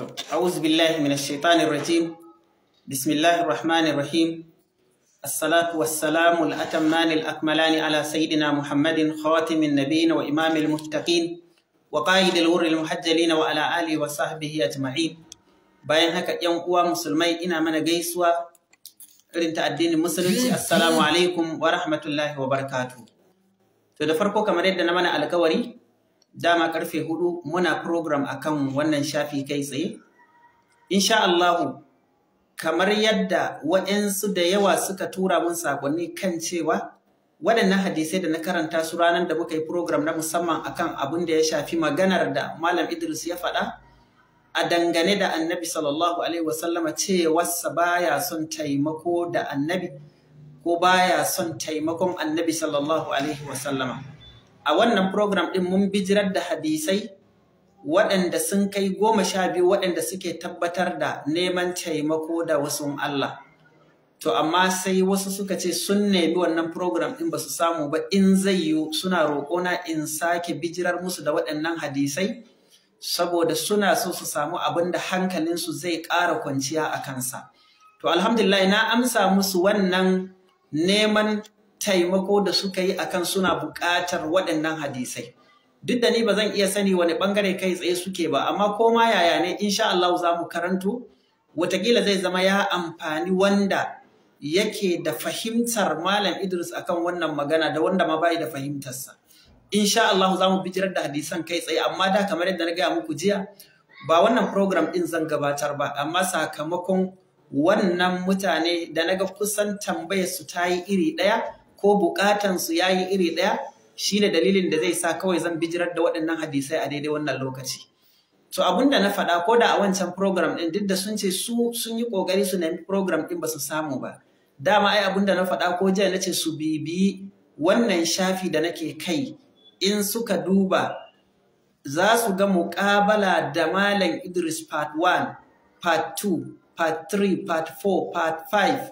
أعوذ بالله من الشيطان الرجيم بسم الله الرحمن الرحيم الصلاة والسلام الأتمان الأكملان على سيدنا محمد خاتم النبيين وإمام المتقين وقائد الور المحجلين وعلى آله وصحبه أجمعين bayan haka ‘yan uwa musulmai ina mana gaisuwa irin ta addinin musulunci assalamu alaikum wa rahmatullahi wa barakatu to da farko kamar yadda na mana alkawari dama karfe hudu muna program a akan wannan shafi kai tsaye insha Allahu kamar yadda waɗansu da yawa suka tura mun saƙonni kan cewa waɗannan hadisai da na karanta su ranar da muka yi program na musamman akan abin da ya shafi maganar da Malam Idris ya faɗa a dangane da annabi sallallahu alaihi wasallama cewarsa baya son taimako da annabi ko baya son taimakon annabi sallallahu alaihi wasallama. a wannan program ɗin mun bijirar da hadisai waɗanda sun kai goma sha biyu waɗanda suke tabbatar da neman taimako da wasu Allah. To amma sai wasu suka ce sun nemi wannan program ɗin ba su samu ba in zai yiwu suna roƙona in sake bijirar musu da waɗannan hadisai saboda suna so su samu abin da hankalinsu zai ƙara kwanciya a kansa. To alhamdulillah na amsa musu wannan neman taimako da suka yi akan suna buƙatar waɗannan hadisai duk da ni ba zan iya sani wani ɓangare kai tsaye suke ba amma ko ma yaya ne insha Allah za mu karanto watakila zai zama ya amfani wanda yake da fahimtar malam Idris akan wannan magana da wanda ma bai da fahimtarsa insha Allah za mu bijirar da hadisan kai tsaye amma da kamar yadda na gaya muku jiya ba wannan program din zan gabatar ba amma sakamakon wannan mutane da naga kusan tambayar su ta yi iri ɗaya ko bukatansu ya yi iri ɗaya shine dalilin da zai sa kawai zan bijirar da waɗannan hadisai a daidai wannan lokaci. To abin da na faɗa ko da a wancan program ɗin duk da sun ce su sun yi ƙoƙari su nemi program ɗin ba su samu ba. Dama ai abin da na faɗa ko jiya na ce su bibi wannan shafi da nake kai in suka duba za su ga muƙabala da Malam Idris part 1, part 2, part 3, part 4, part 5,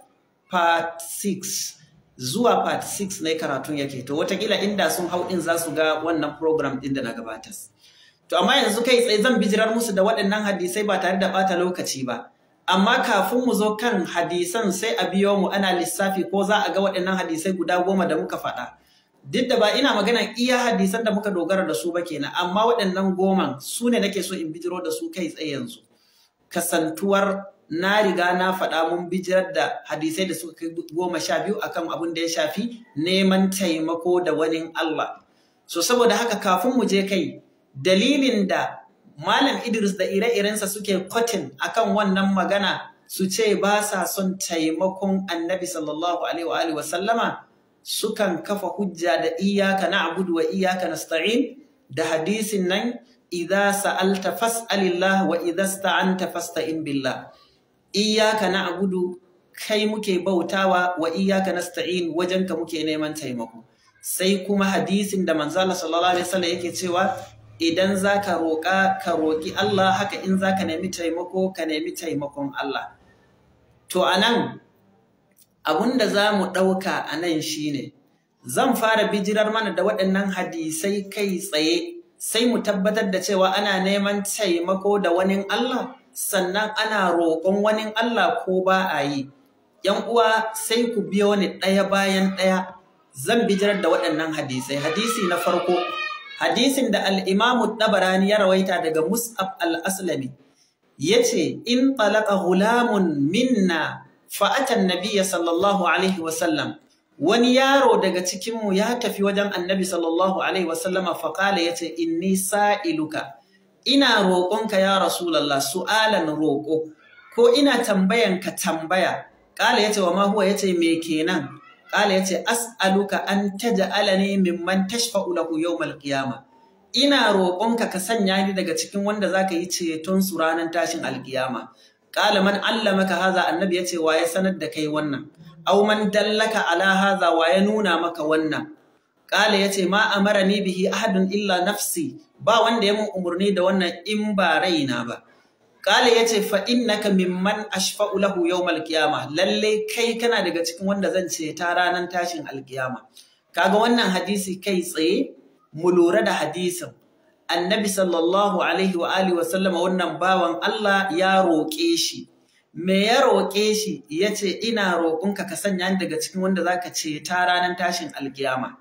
part 6. zuwa part 6 na karatun yake to watakila inda sun hau in za su ga wannan program din da na gabatas to amma yanzu kai tsaye zan bijirar musu da waɗannan hadisai ba tare da bata lokaci ba amma kafin mu zo kan hadisan sai a biyo mu ana lissafi ko za a ga waɗannan hadisai guda goma da muka faɗa duk da ba ina magana iya hadisan da muka dogara da su ba kenan amma waɗannan goman su ne nake so in bijiro da su kai tsaye yanzu kasantuwar na riga na faɗa mun bijirar da hadisai da suka kai goma sha biyu akan abin da ya shafi neman taimako da wani Allah. So saboda haka kafin mu je kai dalilin da Malam Idris da ire-irensa suke kwatin akan wannan magana su ce ba sa son taimakon annabi sallallahu alaihi wa sallama sukan kafa hujja da iyaka na abudu wa iyaka nasta'in da hadisin nan idza sa'alta fas'alillah wa idza sta'anta fasta'in billah iyaka na gudu kai muke bautawa wa sta'in nasta'in ka muke neman taimako sai kuma hadisin da manzala sallallahu alaihi wasallam yake cewa idan zaka roƙa ka roƙi Allah haka in za ka nemi taimako ka nemi taimakon Allah to anan abunda a nan shi ne, zan fara bijirar mana da waɗannan hadisai kai tsaye sai mu tabbatar da cewa ana neman taimako da wani Allah sannan ana roƙon wani Allah ko ba a yi. ‘Yan uwa sai ku biyo ni ɗaya bayan ɗaya, zan bijirar da waɗannan hadisai. Hadisi na farko, hadisin da al'imamu ɗabarani ya rawaita daga Mus'ab al'aslami, ya ce, In talaka hulamun minna fa'atan nabiya sallallahu Alaihi wasallam, wani yaro daga cikinmu ya tafi wajen annabi sallallahu Alaihi wasallama faƙala ya ce, in Inni sa'iluka. ina roƙonka ya Rasulallah su'alan roƙo ko ina tambayanka tambaya ƙala ce wa mahuwa ya ce me kenan ƙala yace as'aluka an ne mimman tashfa'u yau yawmal ina roƙonka ka sanya ni daga cikin wanda za ka yi ceton su ranar tashin alkiyama ƙala man maka haza annabi yace wa ya sanar da kai wannan au man dallaka ala haza wa ya nuna maka wannan ƙala ce ma amara ni bihi ahadun illa nafsi ba wanda ya mun umarni da wannan in ba raina ba kale yace fa innaka mimman ashfa'u lahu yau malkiyama lalle kai kana daga cikin wanda zan ce ta ranan tashin alkiyama kaga wannan hadisi kai tsaye mu lura da hadisin annabi sallallahu alaihi wa alihi wasallama wannan bawan Allah ya roƙe shi me ya roƙe shi ya ce ina roƙonka ka sanya ni daga cikin wanda zaka ce ta ranar tashin alkiyama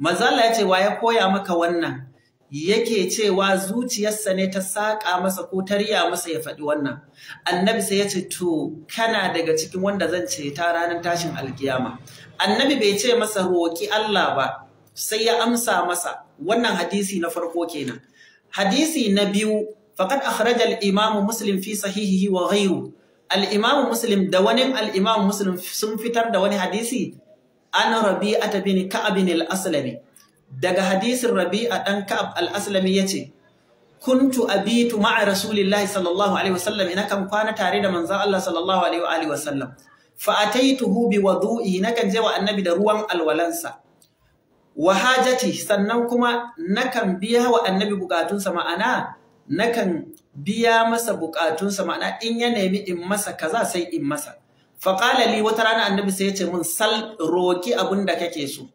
mazala ya ce wa ya koya maka wannan yake cewa zuciyarsa ne ta saƙa masa ko ta masa ya faɗi wannan annabi sai ya ce to kana daga cikin wanda zan ce ta ranar tashin alkiyama annabi bai ce masa roƙi Allah ba sai ya amsa masa wannan hadisi na farko kenan hadisi na biyu faqad akhraja al-imamu muslim fi sahihihi wa da wani alimam imamu sun fitar da wani hadisi an ata bin ka'ab al-aslami daga hadisin rabi'a ɗan ka'ab al-aslami ya ce kuntu abitu ma'a rasulillahi sallallahu alaihi wasallam ina kan kwana tare da manzan Allah sallallahu alaihi wa a wasallam yi bi wudu'i kan je wa annabi da ruwan alwalansa wa hajati sannan kuma nakan biya wa annabi bukatunsa ma'ana nakan biya masa bukatunsa ma'ana in ya nemi in masa kaza sai in masa fa ƙalali wata rana annabi sai ya ce mun sal roki abin da kake so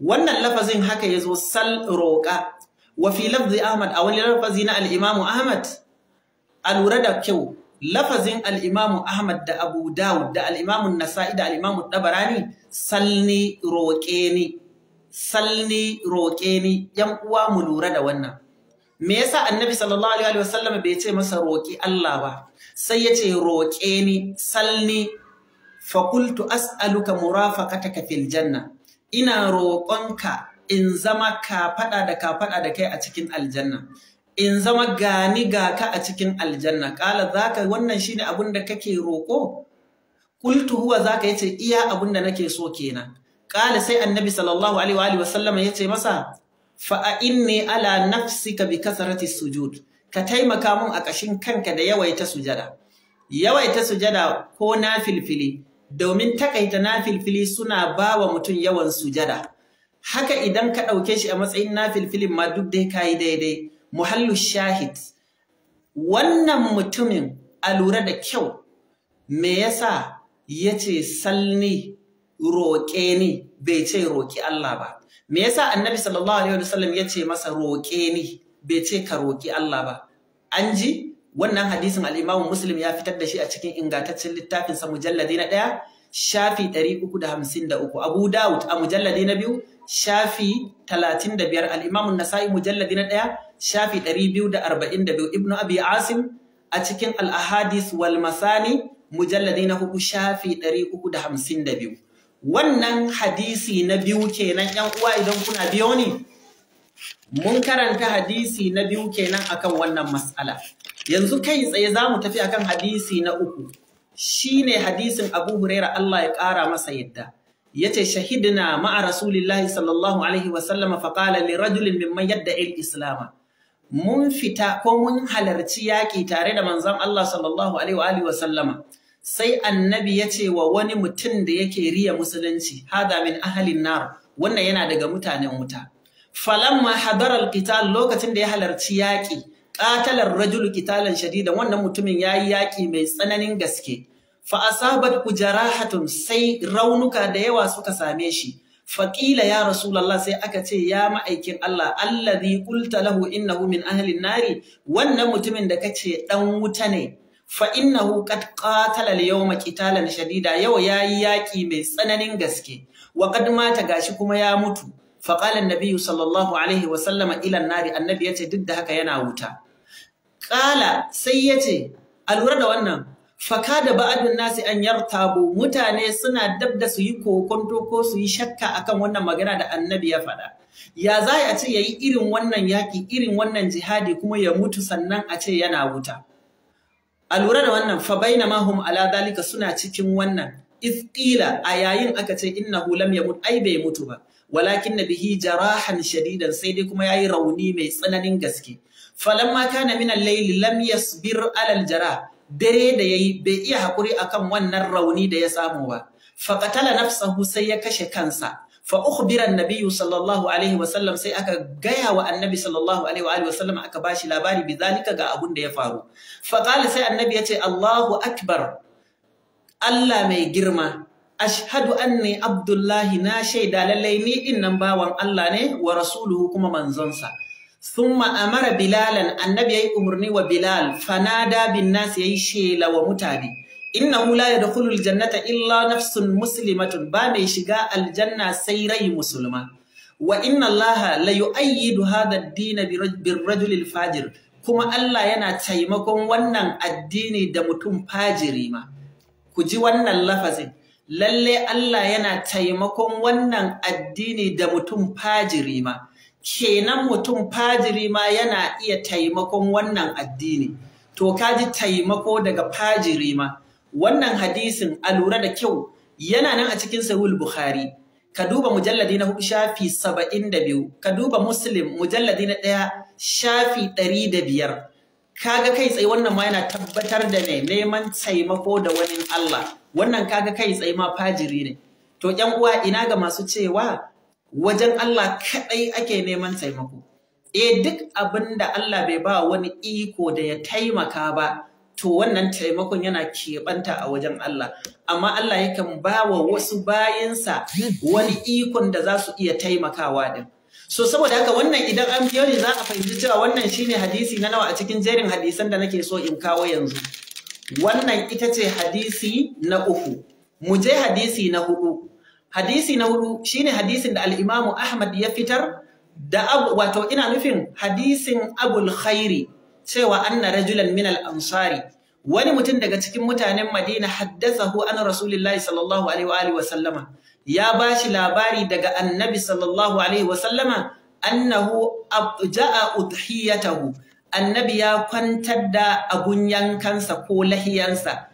wannan lafazin haka ya zo sal roƙa wa fi lafzi Ahmad a wani lafazi na al'imamu Ahmad a lura da kyau lafazin al'imamu Ahmad da Abu Dawud da al'imamun Nasa'i da al'imamun Ɗabarani salni roƙe ni salni roƙe ni ‘yan uwa mu lura da wannan me yasa annabi sallallahu alaihi wasallam bai ce masa roƙi Allah ba sai ya ce roƙe ni salni fakultu as'aluka murafaqataka fil janna ina roƙonka in zama kafaɗa da kafaɗa da kai a cikin aljanna in zama gani ga ka a cikin aljanna ƙala zaka wannan shine abin da kake roƙo kultu huwa zaka yace iya abin da nake so kenan ƙala sai annabi sallallahu alaihi wa sallama yace masa fa a inni ala ka bi kasarati sujud ka taimaka mun a ƙashin kanka da yawaita sujada yawaita sujada ko na filfili domin takaita nafilfili suna ba wa mutum yawan sujada. Haka idan ka ɗauke shi a matsayin nafilfilin ma duk dai ka yi daidai, muhallu shahid. Wannan mutumin a lura da kyau, me yasa ya ce salni roƙe ni bai ce roƙi Allah ba. Me yasa annabi sallallahu Alaihi wasallam ya ce masa roƙe ni bai ce ka roƙi Allah ba. An ji? wannan hadisin al'imamin imam Muslim ya fitar da shi a cikin ingantaccen littafinsa sa mujalladi na ɗaya shafi 353 Abu Dawud a mujalladi na biyu shafi 35 al nasai mujalladi na ɗaya shafi 242 Ibn Abi Asim a cikin al-Ahadith wal Masani mujalladi na hudu shafi 352 wannan hadisi na biyu kenan yan uwa idan kuna biyo ni mun karanta hadisi na biyu kenan akan wannan mas'ala yanzu kai tsaye za mu tafi akan hadisi na uku Shi ne hadisin Abu Huraira Allah ya ƙara masa yadda Ya ce shahidina ma'a rasulillahi sallallahu alaihi wa sallam fa ƙala li rajulin mimman yadda al islama mun fita ko mun halarci yaƙi tare da manzon Allah sallallahu alaihi wa sallama sai annabi ya ce wa wani mutum da yake riya musulunci hada min ahlin nar wannan yana daga mutanen wuta falamma hadara al lokacin da ya halarci yaƙi. qatalar rajulu qitalan shadida wannan mutumin yayi yaki mai tsananin gaske fa asabat jarahatun sai raunuka da yawa suka same shi faƙila ya rasulallah sai aka ce ya ma'aikin Allah allazi qulta lahu innahu min ahlin nari wannan mutumin da kace dan wuta ne fa innahu qad qatala al-yawma qitalan shadida yau yayi yaki mai tsananin gaske wa qad mata gashi kuma ya mutu fa qala an-nabi sallallahu alaihi wa sallama ila nari annabi ce duk da haka yana wuta Ƙala sai ya ce, a lura da wannan, faka da ba'adun nasi an yartabu mutane suna dab da su yi kokonto ko su yi shakka akan wannan magana da annabi ya faɗa. Ya za a ce ya yi irin wannan yaƙi, irin wannan jihadi kuma ya mutu sannan a ce yana wuta. A lura da wannan, fa na mahum ala dalika suna cikin wannan, isƙila a yayin aka ce innahu lam yamut ai bai mutu ba. walakin na bihi jarahan shadidan sai dai kuma yayi rauni mai tsananin gaske Falan kana min al-layli lam yasbir alal jara dare da yayi bai iya hakuri akan wannan rauni da ya samu ba faqatala nafsahu sai ya kashe kansa fa ukhbira an sallallahu alaihi wasallam sai aka gaya wa annabi sallallahu alaihi wa wasallam aka bashi labari bizalika ga abun da ya faru fa qala sai annabi yace Allahu akbar Allah mai girma ashhadu anni abdullahi na shaida lallai ni din bawan Allah ne wa rasuluhu kuma manzonsa Sun amara bilalan annabi yayi umarni wa bilal fanada bin nas yayi shela wa mutane innahu da yadkhulu jannata illa nafsun muslimatun ba mai shiga aljanna sai rai musulma wa inna allaha la yu'ayyidu hadha ad-din birrajul fajir kuma Allah yana taimakon wannan addini da mutum fajiri ma ku ji wannan lafazin lalle Allah yana taimakon wannan addini da mutum fajiri ma kenan mutum fajiri ma yana iya taimakon wannan addini to kaji taimako daga fajiri ma wannan hadisin a lura da kyau yana nan a cikin sahul bukhari ka duba mujalladi na hudu shafi saba'in da biyu ka duba muslim mujalladi na ɗaya shafi ɗari da biyar kaga kai tsaye wannan ma yana tabbatar da ne neman taimako da wani Allah wannan kaga kai tsaye ma fajiri ne to yan uwa ina ga masu cewa wajen Allah kaɗai ake neman taimako. E duk abin da Allah bai ba wani iko da ya taimaka ba, to wannan taimakon yana keɓanta a wajen Allah. Amma Allah yakan ba wa wasu bayansa wani ikon da za su iya taimakawa din. So saboda haka wannan idan an biyo ne za a fahimci cewa wannan shine hadisi na nawa a cikin jerin hadisan da nake so in kawo yanzu. Wannan ita ce hadisi na uku. Mu je hadisi na hudu. hadisi na hudu shine hadisin da Al'imamu Ahmad ya fitar da abu wato ina nufin hadisin Abul Khairi cewa anna rajulan min al-Ansari wani mutum daga cikin mutanen Madina haddathahu an Rasulullahi sallallahu alaihi wa sallama ya bashi labari daga Annabi sallallahu alaihi wa sallama annahu ja'a udhiyatahu annabi ya kwantar da abun yankansa ko lahiyansa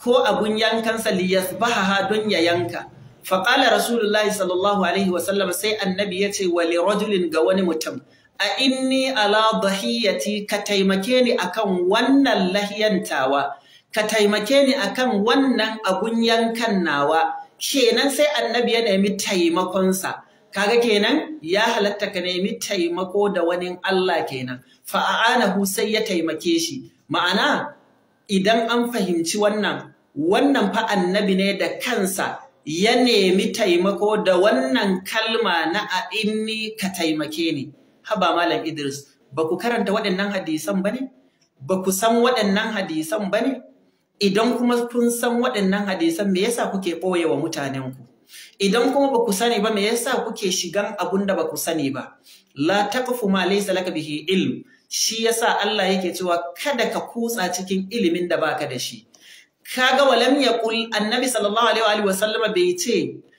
ko abun yankansa liyasbaha don ya yanka Faƙalar rasulullahi sallallahu sai annabi ya ce wa lirajulin ga wani mutum a inni ala dhahiyati ka taimake ni akan wannan lahiyantawa ka taimake ni akan wannan abun yankan nawa kenan sai annabi ya nemi taimakonsa kaga kenan ya halatta ka nemi taimako da wani Allah kenan fa a'anahu sai ya taimake shi ma'ana idan an fahimci wannan wannan fa annabi ne da kansa ya nemi taimako da wannan kalma na a inni ka taimake ni haba malam Idris ba ku karanta waɗannan hadisan ba ne ba ku san waɗannan hadisan ba ne idan kuma kun san waɗannan hadisan me yasa kuke ɓoye wa mutanenku idan kuma ba ku sani ba me yasa kuke shigan abun da ba ku sani ba la taqfu ma laysa laka bihi ilm shi yasa Allah yake cewa kada ka kutsa cikin ilimin da baka da shi kaga walam yaqul annabi sallallahu alaihi wa sallam bai ce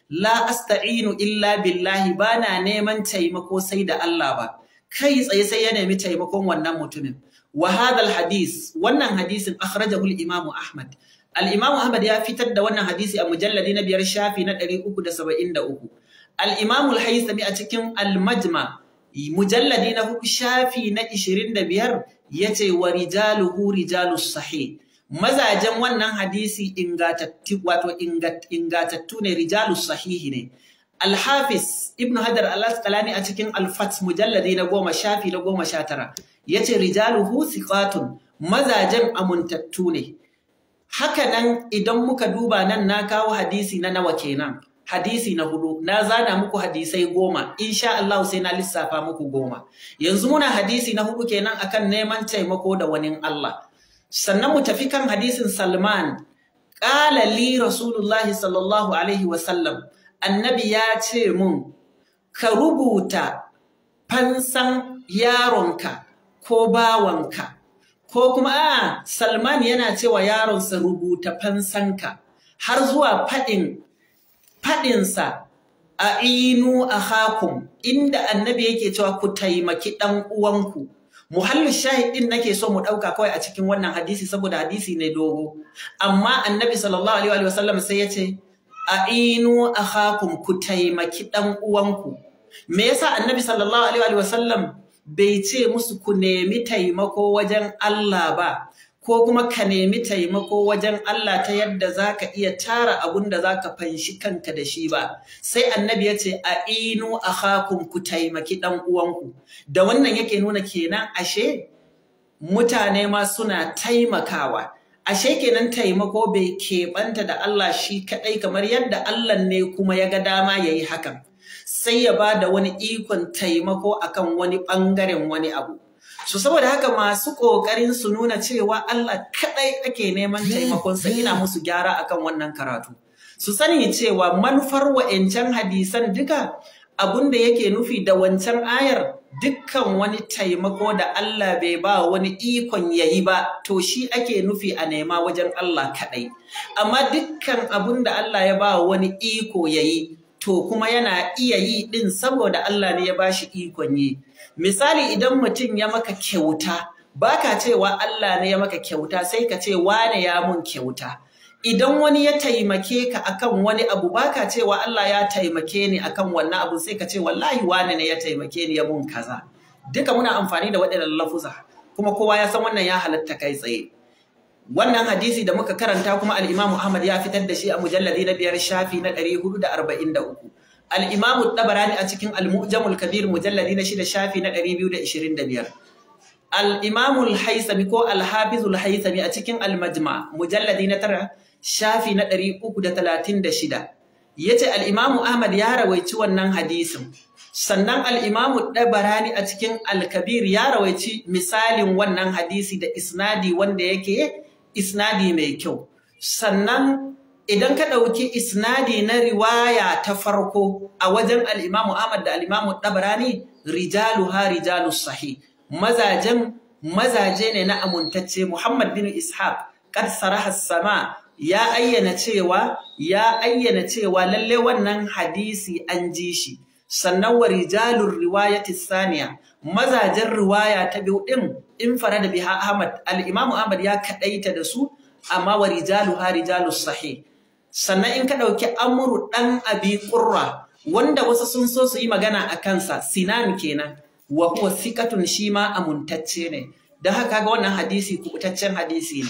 la asta'inu illa billahi bana neman taimako sai da Allah ba kai tsaye sai ya nemi taimakon wannan mutumin wa hadis wannan hadisin akhrajahu al-imam ahmad al-imam ahmad ya fitar da wannan hadisi a mujalladi na biyar shafi na 373 al-imam al-haythami a cikin al-majma' mujalladi na shafi na 25 yace wa rijaluhu rijalus sahih mazajen wannan hadisi ingatattu wato ingatattu ne rijalu sahihi ne Alhafis Ibn Hajar Al-Asqalani a cikin al mujalladi na goma shafi na goma sha tara yace rijaluhu fatun. mazajen amuntattu ne haka nan idan muka duba nan na kawo hadisi na nawa kenan hadisi na hudu na zana muku hadisai goma insha Allah sai na lissafa muku goma yanzu muna hadisi na hudu kenan akan neman taimako da wani Allah sannan mu tafi kan hadisin Salman ƙalali li rasulullahi sallallahu alaihi wasallam annabi ya ce mun ka rubuta fansan yaronka ko bawanka ko kuma a Salman yana cewa yaronsa rubuta fansanka har zuwa faɗin faɗinsa a inu a hakun inda annabi yake cewa ku taimaki ɗan uwanku muhallin shahid din nake so mu dauka kawai a cikin wannan hadisi saboda hadisi ne dogo amma annabi sallallahu alaihi wa sallam sai yace ainu akhakum ku taimaki dan uwanku me yasa annabi sallallahu alaihi wa sallam bai ce musu ku nemi taimako wajen Allah ba ko kuma ka nemi taimako wajen Allah ta yadda za ka iya tara abun da za ka fanshi kanka da shi ba. Sai annabi ya ce, a inu a hakun ku taimaki ɗan uwanku. Da wannan yake nuna kenan ashe mutane ma suna taimakawa. Ashe kenan taimako bai keɓanta da Allah shi kaɗai kamar yadda Allah ne kuma ya ga dama ya yi hakan. Sai ya ba da wani ikon taimako akan wani ɓangaren wani abu. So saboda haka masu ƙoƙarin su nuna cewa Allah kaɗai ake neman taimakonsa ina musu gyara akan wannan karatu. Su sani cewa manufar wa'incan hadisan duka abun da yake nufi da wancan ayar dukkan wani taimako da Allah bai ba wani ikon ya yi ba to shi ake nufi a nema wajen Allah kaɗai. Amma dukkan abun da Allah ya ba wani iko ya yi, to kuma yana iya yi ɗin saboda Allah ne ya ba shi ikon yi. misali idan mutum ya maka kyauta ba baka cewa Allah ne ya maka kyauta sai ka ce wane ya mun kyauta idan wani ya taimake ka akan wani abu ba baka cewa Allah ya taimake ni akan wannan abu sai ka ce wallahi wane ne ya taimake ni ya mun kaza duka muna amfani da waɗannan lafuza kuma kowa ya san wannan ya halatta kai tsaye wannan hadisi da muka karanta kuma al-Imam Ahmad ya fitar da shi a mujalladi na biyar shafi na ɗari da da arba'in hudu uku. al-imamu tabarani a cikin al mujalladi na shida shafi na 225 al-imamu al-haisami ko al-hafizul a cikin al-majma mujalladi na tara shafi na 336 yace al ahmad ya rawaici wannan hadisin sannan al-imamu a cikin Alkabir ya rawaici misalin wannan hadisi da isnadi wanda yake isnadi mai kyau sannan idan ka ɗauki isnadi na riwaya ta farko a wajen al'imamu Ahmad da al'imamu ɗabarani rijalu ha rijalu sahi mazajen mazaje ne na amintacce Muhammad bin Ishaq kad saraha sama ya ayyana cewa ya ayyana cewa lalle wannan hadisi an ji shi sannan wa rijalur riwayati saniya mazajen riwaya ta biyu din in da biha Ahmad al-Imam Ahmad ya kaɗaita da su amma wa rijalu ha rijalu sahih sannan in ka ɗauki amuru ɗan abi ƙurra wanda wasu sun so su yi magana a kansa sinan kenan wa kuwa sikatun shi ma amuntacce ne don haka ga wannan hadisi kubutaccen hadisi ne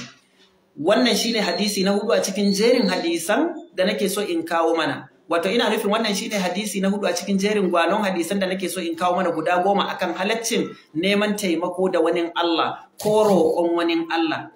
wannan shi ne hadisi na hudu a cikin jerin hadisan da nake so in kawo mana wato ina nufin wannan shi ne hadisi na hudu a cikin jerin gwanon hadisan da nake so in kawo mana guda goma akan halaccin neman taimako da wani Allah ko roƙon wani Allah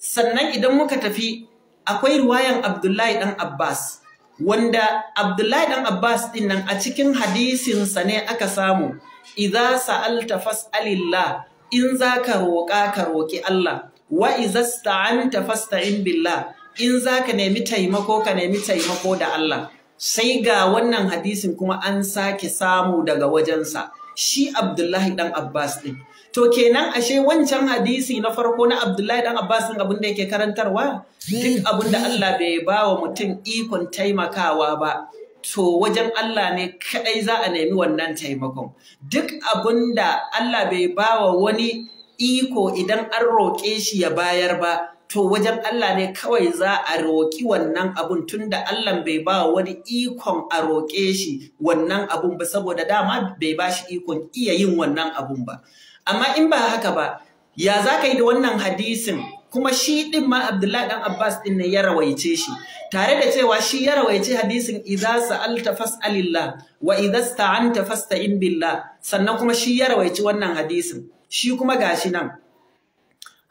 sannan idan muka tafi akwai ruwayan Abdullahi ɗan Abbas wanda Abdullahi ɗan Abbas ɗin nan a cikin hadisinsa ne aka samu "Iza sa'alta fas'alillah in za ka roƙa ka roƙi Allah wa iza sta'anta fasta'in billah in zaka nemi taimako ka nemi taimako da Allah sai ga wannan hadisin kuma an sake samu daga wajensa shi Abdullahi ɗan Abbas ɗin To kenan ashe wancan hadisi na farko na Abdullahi dan Abbas din abin da yake karantarwa duk abin Allah bai ba wa mutum ikon taimakawa ba to wajen Allah ne kadai za a nemi wannan taimakon duk abin Allah bai ba wa wani iko idan an roƙe shi ya bayar ba to wajen Allah ne kawai za a roƙi wannan abun tunda Allah bai ba wani ikon a roƙe shi wannan abun ba saboda dama bai ba shi ikon iya yin wannan abun ba amma in ba haka ba ya za ka yi da wannan hadisin kuma shi ɗin ma Abdullahi ɗan Abbas ɗin ne ya rawaice shi tare da cewa shi ya rawaice hadisin idza sa'alta fas'alillah wa idza sta'anta fasta'in billah sannan kuma shi ya rawaice wannan hadisin shi kuma gashi nan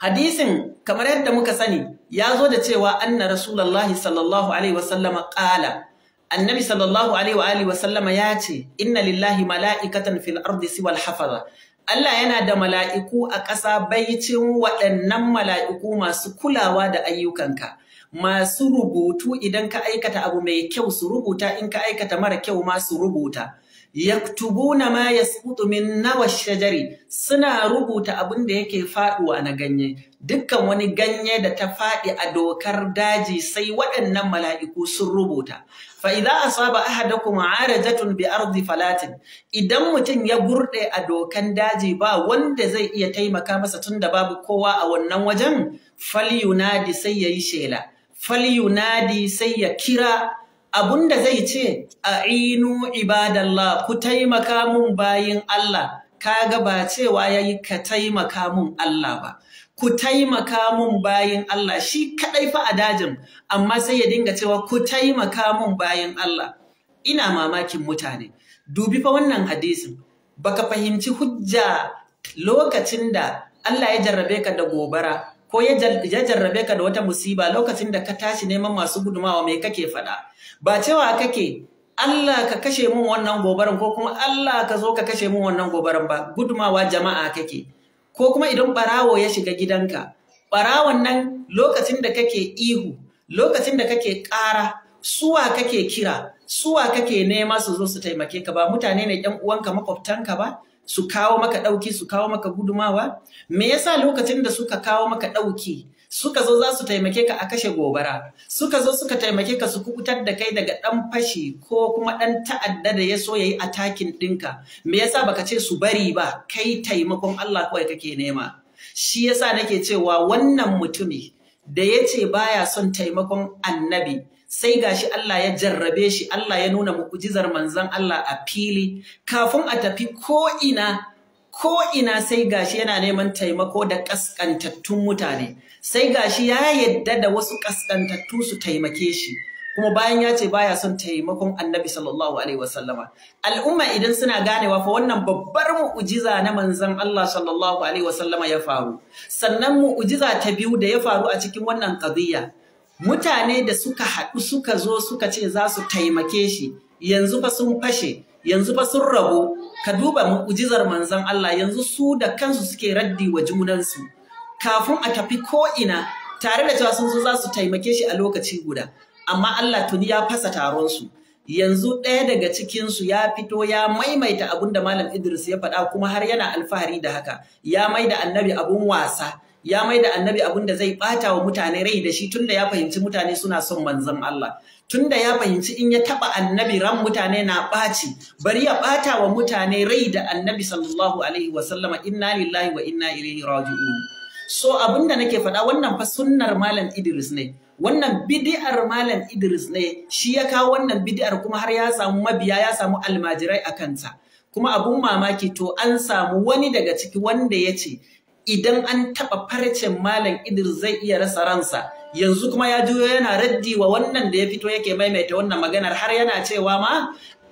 hadisin kamar yadda muka sani ya zo da cewa anna rasulullahi sallallahu alaihi qala annabi sallallahu alaihi wa alihi ya ce inna lillahi mala'ikatan fil ardi siwal hafaza Allah yana da mala'iku a ƙasa baicin waɗannan mala'iku masu kulawa da ayyukanka. Masu rubutu idan ka aikata abu mai kyau su rubuta in ka aikata mara kyau ma su rubuta. na ma yasqutu min nawa shajari suna rubuta abin da yake faɗuwa na ganye. Dukkan wani ganye da ta faɗi a dokar daji sai waɗannan mala'iku sun rubuta. fa idza asaba ahadakum arajatun bi ardi falatin idan mutum ya gurde a dokan daji ba wanda zai iya taimaka masa tunda babu kowa a wannan wajen falyunadi sai yayi shela falyunadi sai ya kira abunda zai ce a'inu ibadallah ku taimaka mun bayin Allah kaga ba cewa yayi ka taimaka mun Allah ba ku taimaka mun bayan Allah shi kaɗai fa a dajin amma sai ya dinga cewa ku taimaka mun bayan Allah ina mamakin mutane dubi fa wannan hadisin baka fahimci hujja lokacin da Allah ya jarrabe ka da gobara ko ya jarrabe ka da wata musiba lokacin da ka tashi neman masu gudumawa mai kake faɗa ba cewa kake Allah ka kashe mun wannan gobaran ko kuma Allah ka zo ka kashe mun wannan gobaran ba gudumawa jama'a kake ko kuma idan ɓarawo ya shiga gidanka ɓarawon nan lokacin da kake ihu lokacin da kake ƙara suwa kake kira suwa kake nema su zo su taimake ka ba mutane ne yan uwanka makwabtanka ba su kawo maka ɗauki su kawo maka gudumawa me yasa lokacin da suka kawo maka ɗauki suka zo za su taimake ka a kashe gobara suka zo suka taimake ka su kubutar da kai daga ɗan fashi ko kuma ɗan ta'adda da ya so ya yi a takin ɗinka me yasa baka ce su bari ba kai taimakon Allah kawai kake nema shi yasa nake cewa wannan mutumi da ya ce baya son taimakon annabi sai gashi Allah ya jarrabe shi Allah ya nuna mu'jizar manzon Allah a fili kafin a tafi ko ina ko ina sai gashi yana neman taimako da kaskantattun mutane sai gashi ya yadda da wasu kaskantattu su taimake shi kuma bayan ya ce baya son taimakon annabi sallallahu alaihi wasallama al'umma idan suna ganewa fa wannan babbar mu'ujiza na manzon Allah sallallahu alaihi wasallama ya faru sannan mu'ujiza ta biyu da ya faru a cikin wannan qadiyya mutane da suka haɗu suka zo suka ce za su taimake shi yanzu fa sun fashe yanzu fa sun rabu ka duba mu'ujizar manzan Allah yanzu su da kansu suke raddi wa junansu kafin a tafi ko ina tare da cewa sun zo za su taimake shi a lokaci guda amma Allah tuni ya fasa taron su yanzu ɗaya daga cikin su ya fito ya maimaita abin da Malam Idris ya faɗa kuma har yana alfahari da haka ya mai da annabi abun wasa ya mai da annabi abin da zai bata wa mutane rai da shi tun da ya fahimci mutane suna son manzon Allah Tun da ya fahimci in ya taba annabi ran mutane na ɓaci bari ya ɓata wa mutane rai da annabi sallallahu alaihi wa sallama inna lillahi wa inna ilaihi raji'un so abin da nake faɗa wannan fa sunnar malam Idris ne wannan bidi'ar malam Idris ne shi ya kawo wannan bidi'ar kuma har ya samu mabiya ya samu almajirai a kanta kuma abun mamaki to an samu wani daga ciki wanda ya ce idan an taɓa farcen Malam Idris zai iya rasa ransa. Yanzu kuma ya juyo yana raddi wa wannan da ya fito yake maimaita wannan maganar har yana cewa ma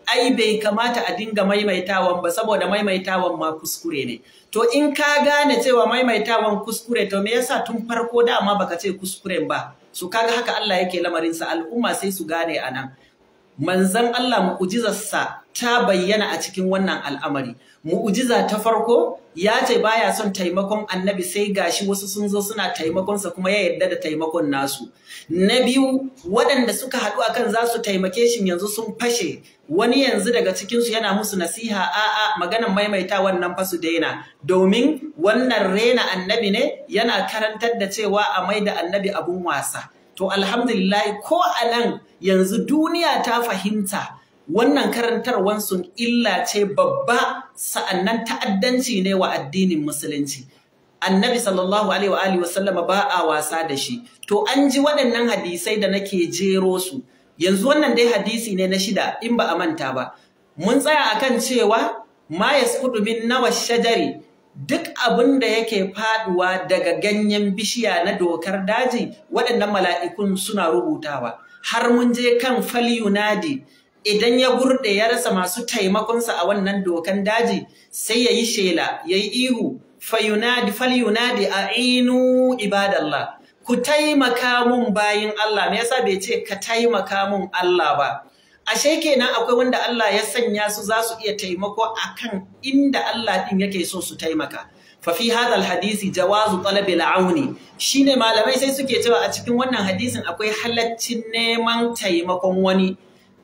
ai bai kamata a dinga maimaitawan ba saboda maimaitawan ma kuskure ne. To in ka gane cewa maimaitawan kuskure to me yasa tun farko dama baka ce kuskuren ba. su kaga haka Allah yake lamarin sa? al'umma sai su gane anan. Manzon Allah mu'jizarsa ta bayyana a cikin wannan al'amari. mu'ujiza ta farko ya ce baya son taimakon annabi sai gashi wasu sun zo suna taimakonsa kuma ya yarda da taimakon nasu na biyu waɗanda suka haɗu akan za su taimake shi yanzu sun fashe wani yanzu daga cikinsu yana musu nasiha a'a maganan maimaita wannan fasu daina domin wannan rena annabi ne yana karantar da cewa a mai da annabi abun wasa to alhamdulillah ko a nan yanzu duniya ta fahimta wannan karantar sun illa ce babba sa'annan ta'addanci ne wa addinin musulunci annabi sallallahu alaihi wa sallama ba a wasa da shi to an ji waɗannan hadisai da nake jero su yanzu wannan dai hadisi ne na shida in ba a manta ba mun tsaya akan cewa ma yasqudu min nawa shajari duk abin da yake faduwa daga ganyen bishiya na dokar daji waɗannan mala'ikun suna rubutawa har mun je kan falyunadi idan ya gurɗe ya rasa masu taimakonsa a wannan dokan daji sai ya yi shela ya yi ihu fayunadi a inu, ibadallah ku taimaka mun bayin Allah me yasa bai ce ka taimaka mun Allah ba ashe kenan akwai wanda Allah ya sanya su za su iya taimako a kan inda Allah din yake so su taimaka fa fi hadha alhadisi jawazu talab alauni shine malamai sai suke cewa a cikin wannan hadisin akwai halaccin neman taimakon wani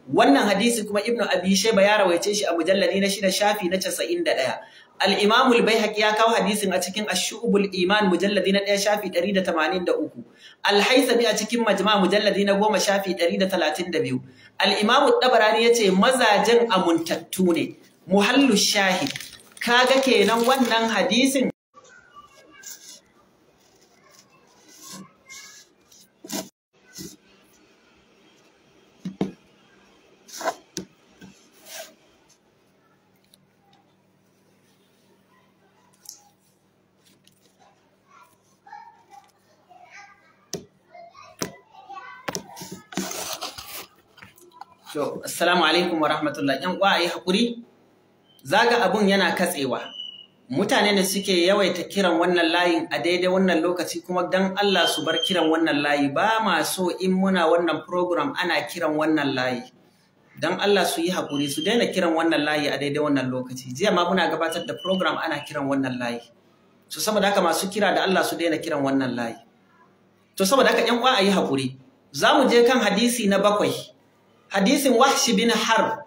wannan hadisi kuma ibnu abi shayba ya rawaice shi a mujalladi na shida shafi na 91 al-imam al-baihaqi ya kawo hadisin a cikin ash iman mujalladi na 1 shafi 183 al-haythami a cikin majma' mujalladi na 10 shafi 132 al-imam ad ya yace mazajen amuntattu ne muhallu shahid kaga kenan wannan hadisin To, assalamu alaikum wa rahmatullah. ‘Yan uwa yi haƙuri? Zaga abun yana katsewa. Mutane ne suke yawaita kiran wannan layin a daidai wannan lokaci kuma dan Allah su bar kiran wannan layi ba ma so in muna wannan program ana kiran wannan layi. Dan Allah su yi haƙuri su daina kiran wannan layi a daidai wannan lokaci. Jiya ma muna gabatar da program ana kiran wannan layi. To saboda haka masu kira da Allah su daina kiran wannan layi. To saboda haka ‘yan uwa a yi haƙuri. Za mu je kan hadisi na bakwai. hadisin wahshi bin har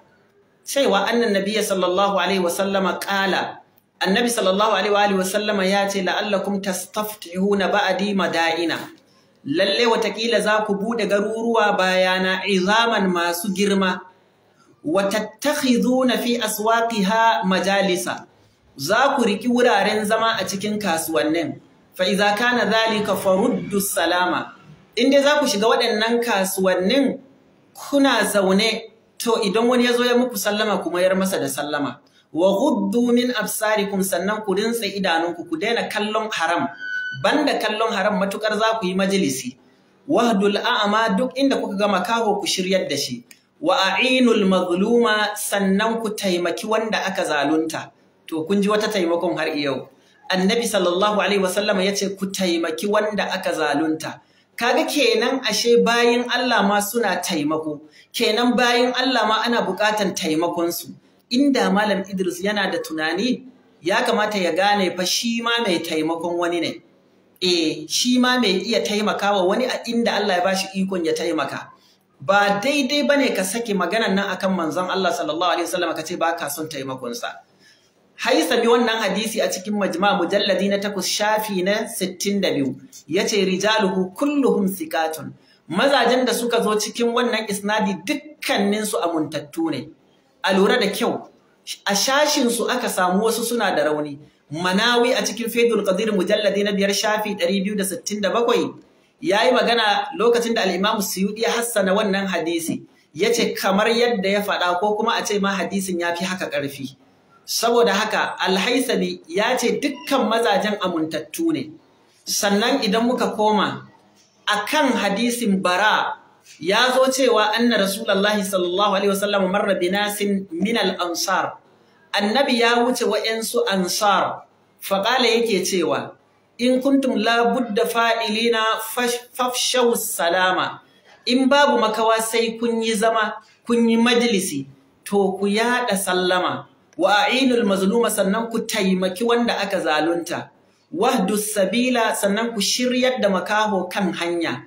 cewa annan nabiyya sallallahu alaihi wasallama kala annabi sallallahu alaihi wasallama ya ce la'allakum tastaftihuna ba'adi madaina lalle watakila za ku bude garuruwa bayana izaman masu girma watattakhiduna fi aswaqiha majalisa za ku riki wuraren zama a cikin kasuwannin fa idza kana dhalika faruddu salama inde za ku shiga waɗannan kasuwannin kuna zaune to idan wani ya zo ya muku sallama kuma yar masa da sallama wa ghuddu min absarikum sannan ku rinsa idanunku ku daina kallon haram banda kallon haram matukar za ku yi majalisi wahdul a'ma duk inda kuka ga makaho ku shiryar da shi wa a'inul mazluma sannan ku taimaki wanda aka zalunta to kun ji wata taimakon har yau annabi sallallahu alaihi wasallama yace ku taimaki wanda aka zalunta kaga kenan ashe bayin Allah ma suna taimako kenan bayin Allah ma ana bukatan taimakonsu, inda malam Idris yana da tunani ya kamata ya gane fa shi ma mai taimakon wani ne eh shi ma mai iya taimakawa wani a inda Allah ya ba shi ikon ya taimaka ba daidai ba ne ka sake maganan nan akan manzon Allah sallallahu alaihi wasallam ka ce ba ka son taimakonsa. sabi wannan hadisi a cikin majma mujalladi na takwas shafi na 62 yace rijaluhu kulluhum sikatun mazajen da suka zo cikin wannan isnadi dukkanin a Muntattu ne a lura da kyau a shashin su aka samu wasu suna da rauni manawi a cikin faidul qadir mujalladi na biyar shafi 267 yayi magana lokacin da al-imam suyudi ya hassana wannan hadisi yace kamar yadda ya faɗa ko kuma a ce ma hadisin ya fi haka ƙarfi saboda haka alhaisami ya ce dukkan mazajen amintattu ne sannan idan muka koma akan hadisin bara ya zo cewa anna rasulullahi sallallahu alaihi wasallam marra binasin min al-ansar annabi ya wuce wa'yansu ansar faƙala yake cewa in kuntum la budda fa'ilina fafshaw salama in babu makawa sai kun yi zama kun yi majalisi to ku yaɗa sallama wa a'inul mazluma sannan ku taimaki wanda aka zalunta Wahdu sabila sannan ku shiryar da makaho kan hanya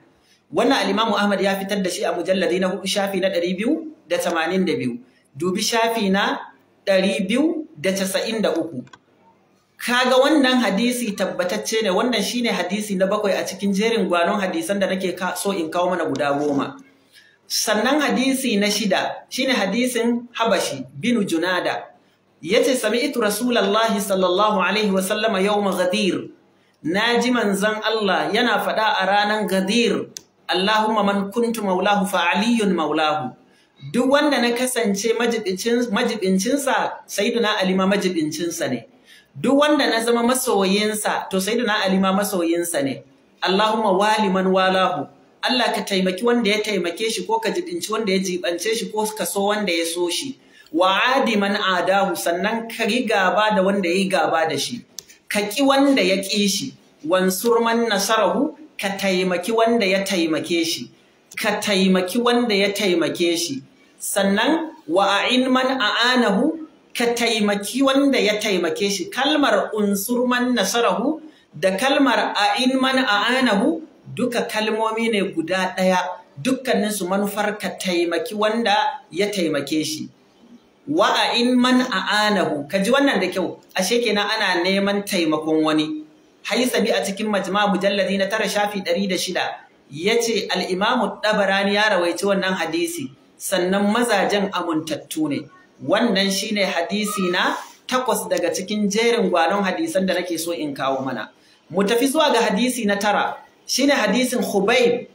wannan al Ahmad ya fitar da shi a mujalladi na hudu shafi na 282 dubi shafi na 293 kaga wannan hadisi tabbatacce ne wannan shine hadisi na bakwai a cikin jerin gwanon hadisan da nake so in kawo mana guda goma sannan hadisi na shida shine hadisin Habashi bin Junada yace sami'tu rasulullahi sallallahu alaihi wa sallama yawm ghadir naji manzan Allah yana fada a ranan gadir Allahumma man kuntu maulahu fa aliyun maulahu duk wanda na kasance majibincinsa sayyiduna ali ma majibincinsa ne duk wanda na zama masoyinsa to sayyiduna ali ma masoyinsa ne Allahumma wali man walahu Allah ka taimaki wanda ya taimake shi ko ka jibinci wanda ya jibance shi ko ka so wanda ya so shi wa adi adahu sannan ka yi gaba da wanda ya yi gaba da shi ka ƙi wanda ya ƙi shi wansur man nasarahu ka taimaki wanda ya taimake shi ka taimaki wanda ya taimake shi sannan wa a'in man a'anahu ka taimaki wanda ya taimake shi kalmar unsur man nasarahu da kalmar a'in man a'anahu duka kalmomi ne guda ɗaya dukkaninsu manufar ka taimaki wanda ya taimake shi man a in man ka kaji wannan da kyau ashe kenan ana neman taimakon wani haisabi a cikin majma mujalladi na tara shafi ɗari da shida ya ce al'imamu ɗabarani ya rawaici wannan hadisi sannan mazajen amintattu ne wannan shine hadisi na takwas daga cikin jerin gwanon hadisan da nake so in kawo mana mu tafi zuwa ga hadisi na tara shine hadisin Khubaib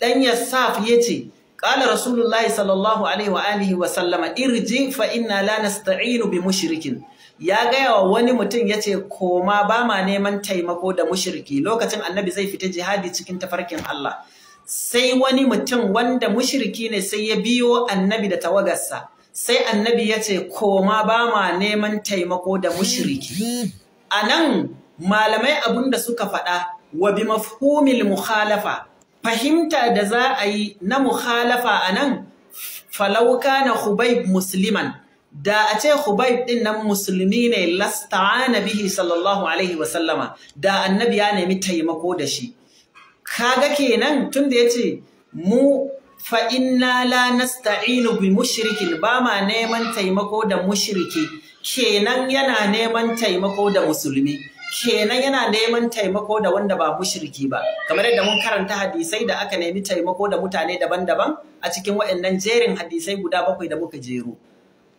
ɗan yasaf yace. ce Ƙala Rasulullahi sallallahu Alaihi wa alihi wa sallama, irji fa inna la nasta'inu bi mushirikin Ya gaya wa wani mutum ya ce, koma ba ma neman taimako da mushriki lokacin annabi zai fita jihadi cikin tafarkin Allah. Sai wani mutum wanda mushiriki ne sai ya biyo annabi da tawagarsa. Sai annabi ya ce, koma ba ma neman taimako da mushiriki A nan malamai abin da suka faɗa wa bi mafhumil mukhalafa fahimta da za a yi na mukhalafa a nan falauka na Hubaib musliman da a ce Hubaib ɗin nan musulmi ne lasta'ana bihi sallallahu alaihi wasallama da annabi ya nemi taimako da shi kaga kenan Tun ya ce mu fa inna la nasta'inu bi mushrikin ba ma neman taimako da mushriki kenan yana neman taimako da musulmi kenan yana neman taimako da wanda ba mushriki ba kamar yadda mun karanta hadisai da aka nemi taimako da mutane daban-daban a cikin waɗannan jerin hadisai guda bakwai da muka jero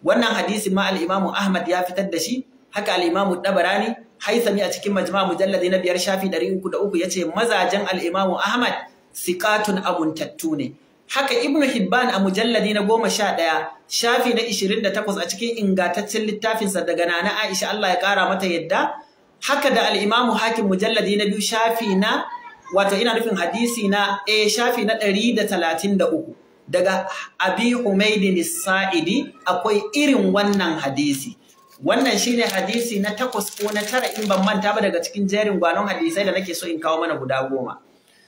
wannan hadisi ma al Ahmad ya fitar da shi haka al Dabarani haisami a cikin majma'a Mujalladi na biyar shafi ɗari uku uku da ya ce mazajen al Ahmad siƙatun abuntattu ne haka ibnu Hibban a mujalladi na goma sha ɗaya shafi na ishirin da takwas a cikin ingantaccen littafinsa daga Nana Aisha Allah ya ƙara mata yadda haka da al'imamu hakim mujalladi na biyu shafi na wata ina nufin hadisi na a eh, shafi na ɗari da talatin da uku daga abi humaidin sa'idi akwai irin wannan hadisi wannan shine hadisi na takwas ko na tara in ban manta ba daga cikin jerin gwanon hadisai da nake so in kawo mana guda goma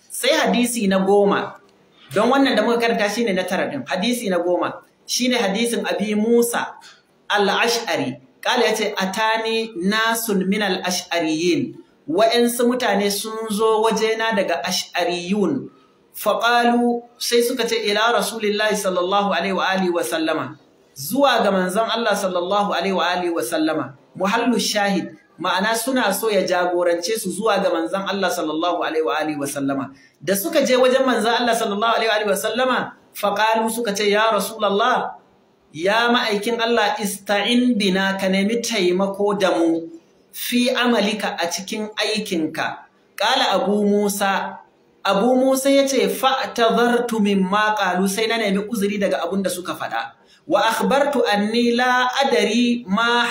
sai hadisi na goma don wannan da muka karanta shine na tara din hadisi na goma shine hadisin abi musa al-ash'ari Kala ya ce, Atani nasun minal ash'ariyin, wa'yansu mutane sun zo wajena daga ash'ariyun, faƙalu sai suka ce, Ila Rasulillahi sallallahu Alaihi wa Alihi wa sallama, zuwa ga manzan Allah sallallahu Alaihi wa Alihi wa sallama, muhallu shahid, ma'ana suna so ya jagorance su zuwa ga manzan Allah sallallahu Alaihi wa Alihi wa sallama. Da suka je wajen manzan Allah sallallahu Alaihi wa Alihi wa sallama, faƙalu suka ce, Ya Rasulallah, ya ma'aikin Allah ista'in bina ka nemi taimako da mu fi amalika a cikin aikinka ƙala abu musa abu musa ya ce fa'tazartu mimma maƙalu sai na nemi uzuri daga abun da suka faɗa wa akhbartu anni la adari ma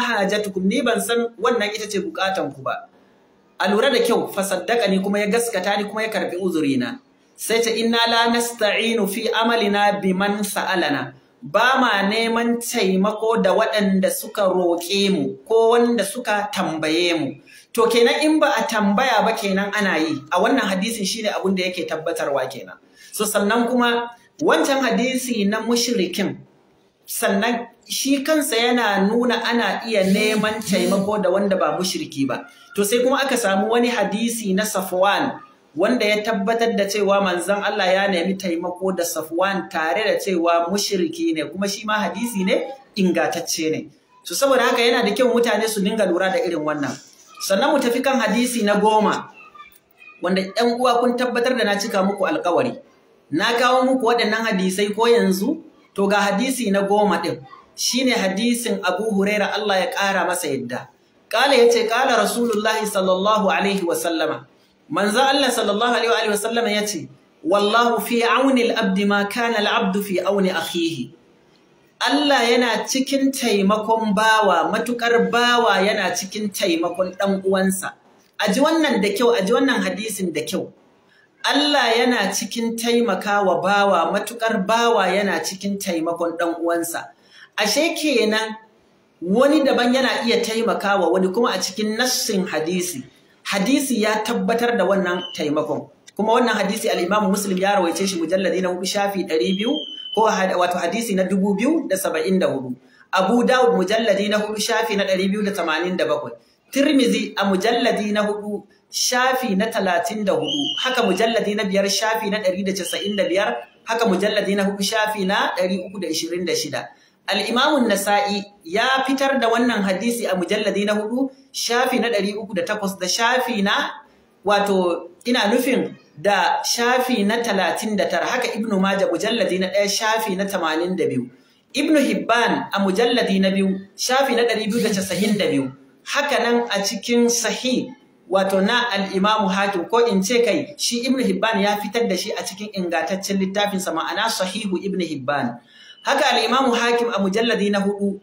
hajatukum ni ban san wannan ita ce bukatanku ba a lura da kyau fa ni kuma ya gaskata ni kuma ya uzuri uzurina sai ta inna la nasta'inu fi amalina biman sa'alana ba ma neman taimako da waɗanda suka roƙe mu ko wanda suka tambaye mu to kenan in ba a tambaya ba kenan ana yi a wannan hadisin shine abin da yake tabbatarwa kenan so sannan kuma wancan hadisi na mushrikin sannan shi kansa yana nuna ana iya neman taimako da wanda ba mushriki ba to sai kuma aka samu wani hadisi na Safwan wanda ya tabbatar da cewa manzon Allah ya nemi taimako da Safwan tare da cewa mushriki ne kuma shi ma hadisi ne ingatacce ne to saboda haka yana da kyau mutane su dinga lura da irin wannan sannan mu tafi kan hadisi na goma wanda 'yan uwa kun tabbatar da na cika muku alkawari na kawo muku waɗannan hadisai ko yanzu to ga hadisi na goma ɗin shine hadisin Abu Huraira Allah ya ƙara masa yadda ya yace kala Rasulullahi sallallahu alaihi wa sallama manzo Allah sallallahu alaihi wa sallam ya ce wallahu fi auni al abd ma kana al-abdu fi auni akhihi Allah yana cikin taimakon bawa matukar bawa yana cikin taimakon dan uwansa aji wannan da kyau aji wannan hadisin da kyau Allah yana cikin taimakawa bawa matukar bawa yana cikin taimakon dan uwansa ashe kenan wani daban yana iya taimakawa wani kuma a cikin nassin hadisi hadisi ya tabbatar da wannan taimakon kuma wannan hadisi al-Imam Muslim ya rawaice shi mujalladi na hudu shafi 200 ko wato hadisi na 2074 Abu Dawud mujalladi na hudu shafi na 287 Tirmizi a mujalladi na hudu shafi na 34 haka mujalladi na biyar shafi na 195 haka mujalladi na hudu shafi na 326 Al'imamun Nasa'i ya fitar da wannan hadisi a mujalladi na hudu, shafi na ɗari uku da takwas da shafi na wato ina nufin da shafi na talatin da tara haka Ibn Majah mujalladi na ɗaya shafi na tamanin da biyu. Ibn Hibban a mujalladi na biyu shafi na ɗari biyu da casa'in da biyu. Haka nan a cikin sahi wato na al'imamu hakim ko in ce kai shi Ibn Hibban ya fitar da shi a cikin ingantaccen littafinsa ma'ana sahihu Ibn Hibban. haka al’imamu hakim a mujalladi na hudu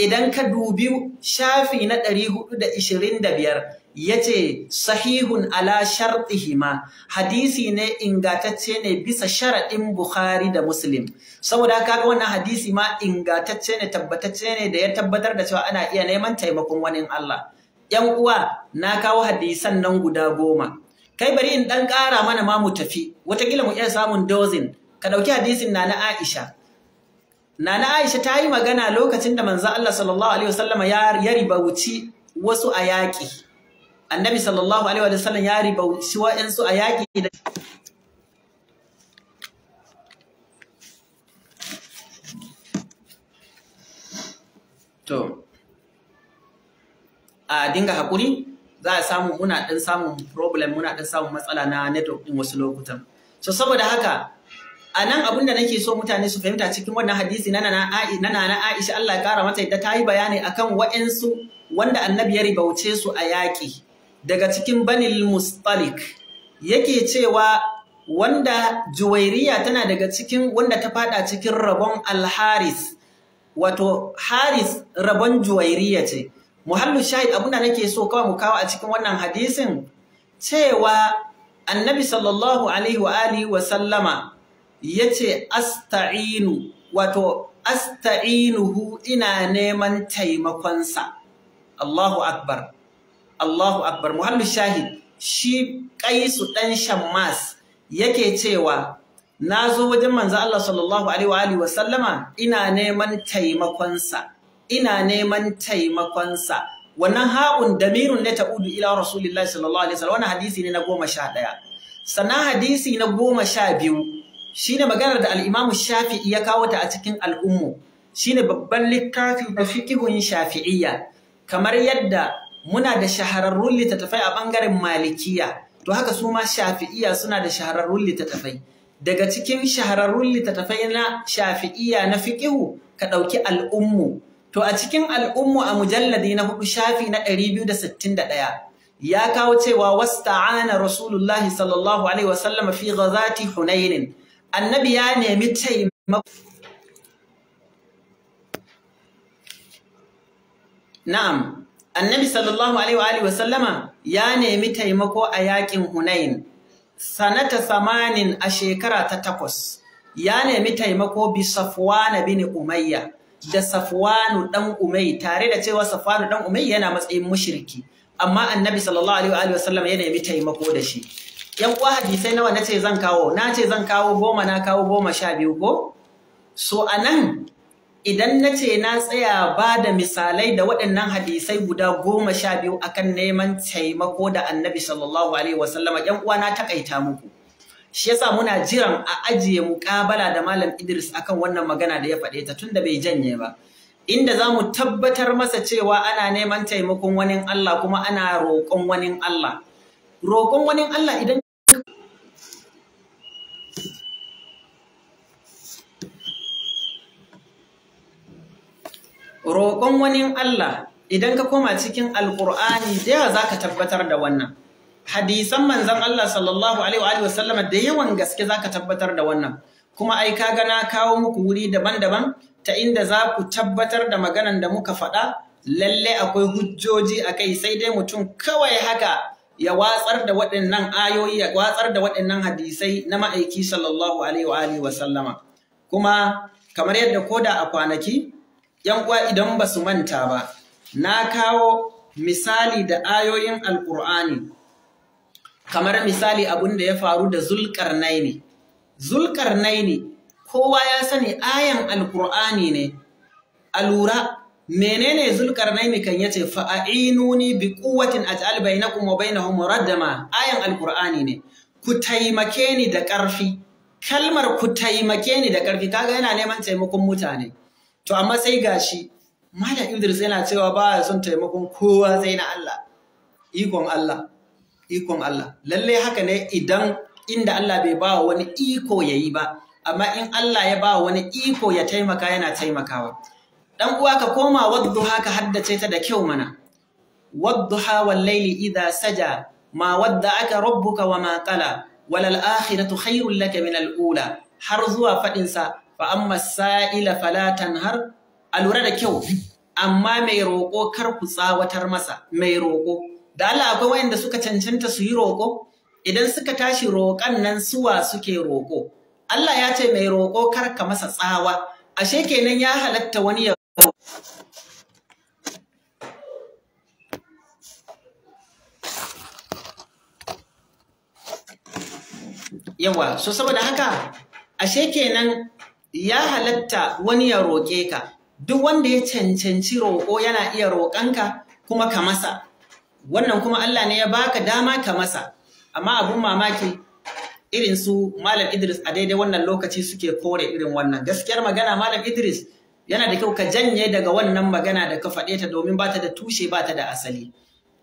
idan ka dubi shafi na ɗari da da ishirin hudu ya yace sahihun ala shartihima hadisi ne ingatacce ne bisa sharaɗin Bukhari da Muslim saboda kaga wannan hadisi ma ingatacce ne tabbatacce ne da ya tabbatar da cewa ana iya neman taimakon wani Allah yan uwa na kawo hadisan nan guda goma kai bari in ɗan ƙara mana ma mu tafi watakila mu iya samun dozin ka ɗauki hadisin na na Aisha Nana Aisha ta yi magana lokacin da manzo Allah sallallahu alaihi wasallam ya ribauci wasu a yaƙi. Annabi sallallahu alaihi wasallam ya ribauci wa'ansu a yaƙi da To, a dinga hakuri, za a samu muna dan samun problem muna dan samun matsala na network ɗin wasu lokutan. So saboda haka a nan abin da nake so mutane su fahimta cikin wannan hadisi na na Aisha Allah ya kara mata yadda ta yi bayani akan wa'ansu wanda annabi ya ribauce su a yaƙi daga cikin banil mustalik yake cewa wanda juwairiya tana daga cikin wanda ta fada cikin rabon alharis wato haris rabon juwairiya ce muhallu shahid abin da nake so kawai mu kawo a cikin wannan hadisin cewa annabi sallallahu alaihi wa alihi wa sallama yace asta'inu wato asta'inuhu ina neman taimakonsa Allahu akbar Allahu akbar muhallu shahid shi kaisu dan shammas yake cewa na zo wajen manzo Allah sallallahu alaihi wa sallama ina neman taimakonsa ina neman taimakonsa wannan ha'un damirun ne ta'udu ila rasulillahi sallallahu alaihi wa wannan hadisi ne na goma sha ɗaya sannan hadisi na goma sha biyu shine maganar da al Shafi'i ya kawo ta a cikin al'ummu shine babban littafi na fikihun Shafi'iyya kamar yadda muna da shahararrun littattafai a bangaren Malikiya to haka su ma Shafi'iyya suna da shahararrun littattafai daga cikin shahararrun littattafai na Shafi'iyya na fikihu, ka ɗauki al'ummu to a cikin al'ummu a mujalladi na hudu shafi na ɗaya, ya kawo cewa wasta'ana rasulullahi sallallahu alaihi wasallam fi ghazati hunainin annabi ya nemi taimako na'am annabi sallallahu alaihi wa sallama ya nemi taimako a yakin hunain sanata samanin a shekara ta takwas ya nemi taimako bi safwana bin umayya da safwanu dan umai tare da cewa safwanu dan umai yana matsayin mushriki amma annabi sallallahu alaihi wa sallama ya nemi taimako da shi yan uwa hadisai nawa na ce zan kawo na ce zan kawo goma na kawo goma sha biyu ko so a nan idan na ce na tsaya ba da misalai da waɗannan hadisai guda goma sha biyu akan neman taimako da annabi sallallahu alaihi wasallama yan uwa na takaita muku shi yasa muna jiran a ajiye muƙabala da malam Idris akan wannan magana da ya faɗe ta tunda bai janye ba inda za mu tabbatar masa cewa ana neman taimakon wani Allah kuma ana roƙon wani Allah roƙon wani Allah idan roƙon wani Allah idan ka koma cikin alƙur'ani da yawa za ka tabbatar da wannan hadisan manzan Allah sallallahu alaihi wa da yawan gaske za ka tabbatar da wannan kuma ai ka gana kawo muku wuri daban-daban ta inda za ku tabbatar da maganan da muka faɗa lalle akwai hujjoji a kai sai dai mutum kawai haka ya watsar da waɗannan ayoyi ya watsar da waɗannan hadisai na ma'aiki sallallahu alaihi wa kuma kamar yadda koda a kwanaki ‘yan uwa idan ba su manta ba, na kawo misali da ayoyin Alƙur'ani, kamar misali abin da ya faru da Zulƙarnaini. naini, kowa ya sani ayan Alƙur'ani ne, a lura menene Zulƙarnaini kan yace fainuni bi quwwatin aj'al bainakum wa bainahum raddama ayan alkur'ani ne. Ku taimake ni da ƙarfi, kalmar ku taimake ni da ƙarfi, kaga yana neman taimakon mutane. to amma sai gashi Malam Idris yana cewa ba ya son taimakon kowa sai na Allah ikon Allah ikon Allah lalle haka ne idan inda Allah bai ba wani iko yayi ba amma in Allah ya ba wani iko ya taimaka yana taimakawa dan uwa ka koma wadduha ka haddace ta da kyau mana wadduha wal layli idha saja ma wadda aka rabbuka wa ma qala wal akhiratu khairul laka min al ula har zuwa fadin sa fa amma sa'ila Falatan har a lura da kyau amma mai roƙo kar ku tsawatar masa mai roƙo da Allah akwai wayanda suka cancanta su yi roƙo idan suka tashi roƙan nan suwa suke roƙo Allah ya ce mai roƙo kar ka masa tsawa ashe kenan ya halatta wani ya yawa so saboda haka ashe kenan ya halatta wani ya roƙe ka duk wanda ya cancanci roƙo yana iya roƙanka kuma ka masa wannan kuma Allah ne ya baka dama ka masa amma abun mamaki irin su Malam Idris a daidai wannan lokaci suke kore irin wannan gaskiyar magana Malam Idris yana da kyau ka janye daga wannan magana da ka faɗe ta domin bata da tushe bata da asali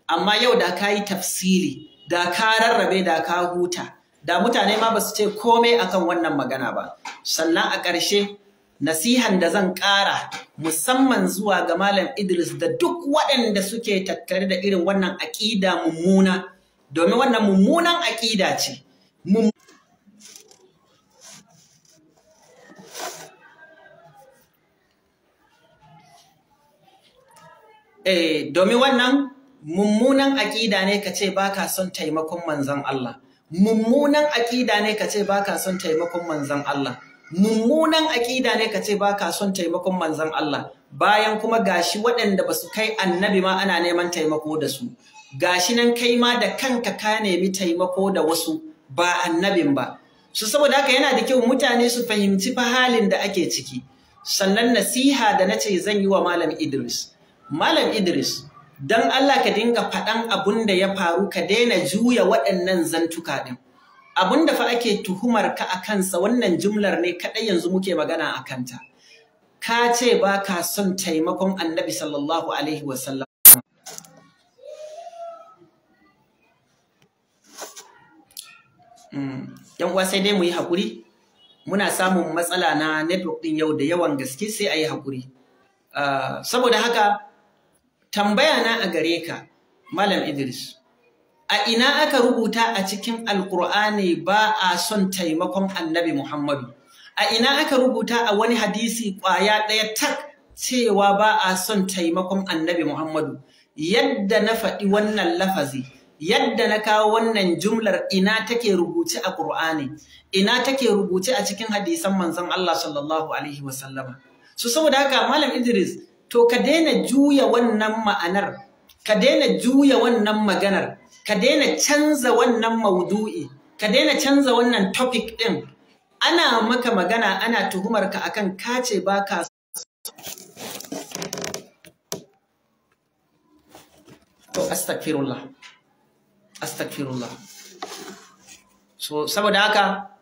amma yau da ka yi tafsiri da ka rarrabe da ka huta da mutane ma ba su ce komai akan wannan magana ba sannan a ƙarshe nasihan da zan ƙara musamman zuwa ga Malam Idris da duk waɗanda suke tattare da irin wannan aƙida mummuna domin wannan mummunan aƙida ce eh, domin wannan mummunan aƙida ne ka ce ba ka son taimakon manzon Allah. mummunan aƙida ne ka ce baka son taimakon manzan Allah mummunan aƙida ne ka ce baka son taimakon manzon Allah bayan kuma gashi waɗanda ba su kai annabi ma ana neman taimako da su gashi nan kai ma da kanka ka nemi taimako da wasu ba annabin ba su saboda haka yana da kyau mutane su fahimci fa halin da ake ciki sannan nasiha da na ce zan yi wa malam Idris malam Idris don Allah ka dinga faɗan abun da ya faru ka daina juya waɗannan zantuka ɗin. Abun da fa ake tuhumar ka a kansa wannan jumlar ne kaɗai yanzu muke magana a kanta. Ka ce ba ka son taimakon annabi sallallahu Alaihi wasallam. Hmm, ‘Yan uwa sai dai mu yi haƙuri, muna samun matsala na network ɗin yau da yawan gaske sai a yi haƙuri. Ah, saboda haka, tambaya na a gare ka malam Idris a ina aka rubuta a cikin alkur'ani ba a son taimakon annabi Muhammadu a ina aka rubuta a wani hadisi kwaya ɗaya tak cewa ba a son taimakon annabi Muhammadu yadda na faɗi wannan lafazi yadda na kawo wannan jumlar ina take rubuce a Ƙur'ani, ina take rubuce a cikin hadisan manzon Allah sallallahu alaihi wasallama so saboda haka malam Idris to ka daina juya wannan ma'anar ka daina juya wannan maganar ka daina canza wannan maudu'i ka daina canza wannan topic ɗin ana maka magana ana tuhumar ka akan kace ba ka to astaghfirullah. Astaghfirullah. so saboda haka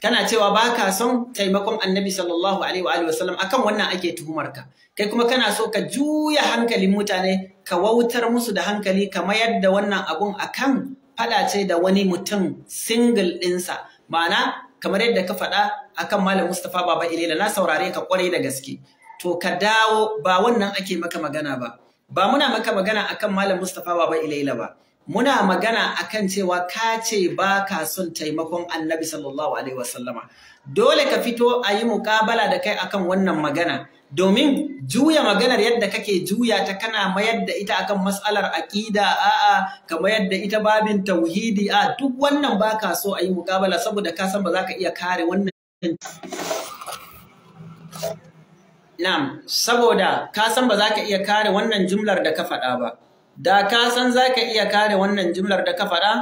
kana cewa ba ka son taimakon annabi sallallahu alaihi wa sallam akan wannan ake tuhumar ka. kai kuma kana so ka juya hankalin mutane ka wautar musu da hankali ka mayar da wannan abun akan fada ce da wani mutum single ɗinsa ma'ana kamar yadda ka faɗa akan malam Mustapha Baba Ilela na saurare ka kware da gaske to ka dawo ba wannan ake maka magana ba ba muna maka magana akan malam mustafa Baba Ilela ba muna magana akan cewa ka ce ba ka son taimakon annabi sallallahu alaihi wasallama dole ka fito a yi mukabala da kai akan wannan magana domin juya maganar yadda kake juya ta kana mayar da ita akan matsalar aƙida a'a ka mayar da ita babin tauhidi a duk wannan ba ka so a yi mukabala saboda ka san ba za ka iya kare wannan Na'am, saboda ka san ba za ka iya kare wannan jumlar da ka faɗa ba. da ka san za ka iya kare wannan jimlar da ka faɗa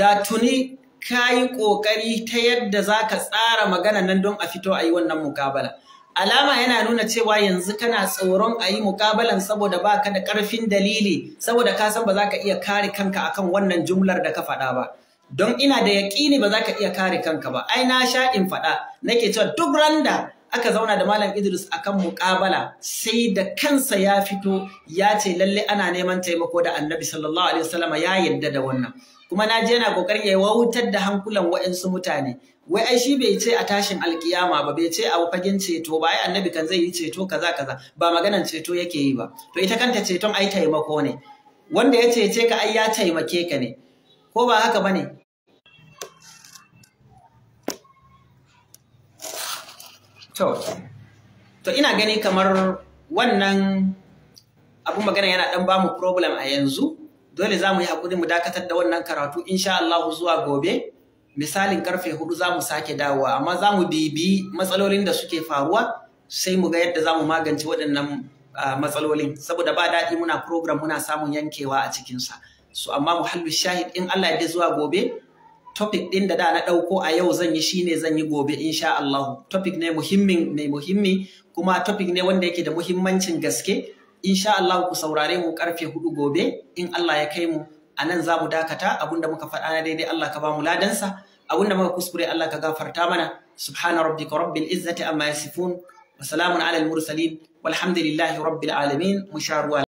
da tuni ka yi ƙoƙari ta yadda za ka tsara magana nan don a fito a yi wannan mukabala alama yana nuna cewa yanzu kana tsoron a yi mukabalan saboda ba ka da ƙarfin dalili saboda ka san ba za ka iya kare kanka akan wannan jumlar da ka faɗa ba don ina da yaƙini ba za ka iya kare kanka ba ai na sha in faɗa nake cewa duk randa aka zauna da Malam Idris a kan muƙabala sai da kansa ya fito ya ce lalle ana neman taimako da Annabi sallallahu alaihi wasallama ya yarda da wannan kuma na je na kokarin ya wautar da hankulan waɗansu mutane wai ai shi bai ce a tashin alkiyama ba bai ce a fagen ceto ba ai annabi kan zai yi ceto kaza kaza ba maganan ceto yake yi ba to ita kanta ceton ai taimako ne wanda ya cece ka ai ya taimake ka ne ko ba haka ba ne? To, ina gani kamar wannan abin magana yana ɗan bamu problem a yanzu, dole za mu yi haƙuri mu dakatar da wannan karatu insha Allah zuwa gobe, misalin karfe hudu za mu sake dawowa, amma za mu bibi matsalolin da suke faruwa sai mu ga yadda za mu magance waɗannan matsalolin, saboda ba daɗi muna program muna samun yankewa a cikinsa. So, amma muhallu shahid in Allah ya zuwa gobe, topic ɗin da da na ɗauko a yau zan yi shine zan yi gobe insha Allah topic ne muhimmin ne muhimmi kuma topic ne wanda yake da muhimmancin gaske insha Allah ku saurare mu karfe hudu gobe in Allah ya kai mu a nan za mu dakata abinda muka faɗa na daidai Allah ka ba mu ladansa abinda muka kuskure Allah ka gafarta mana subhana rabbika rabbil izzati amma yasifun wa salamun alal mursalin walhamdulillahi rabbil alamin musharwa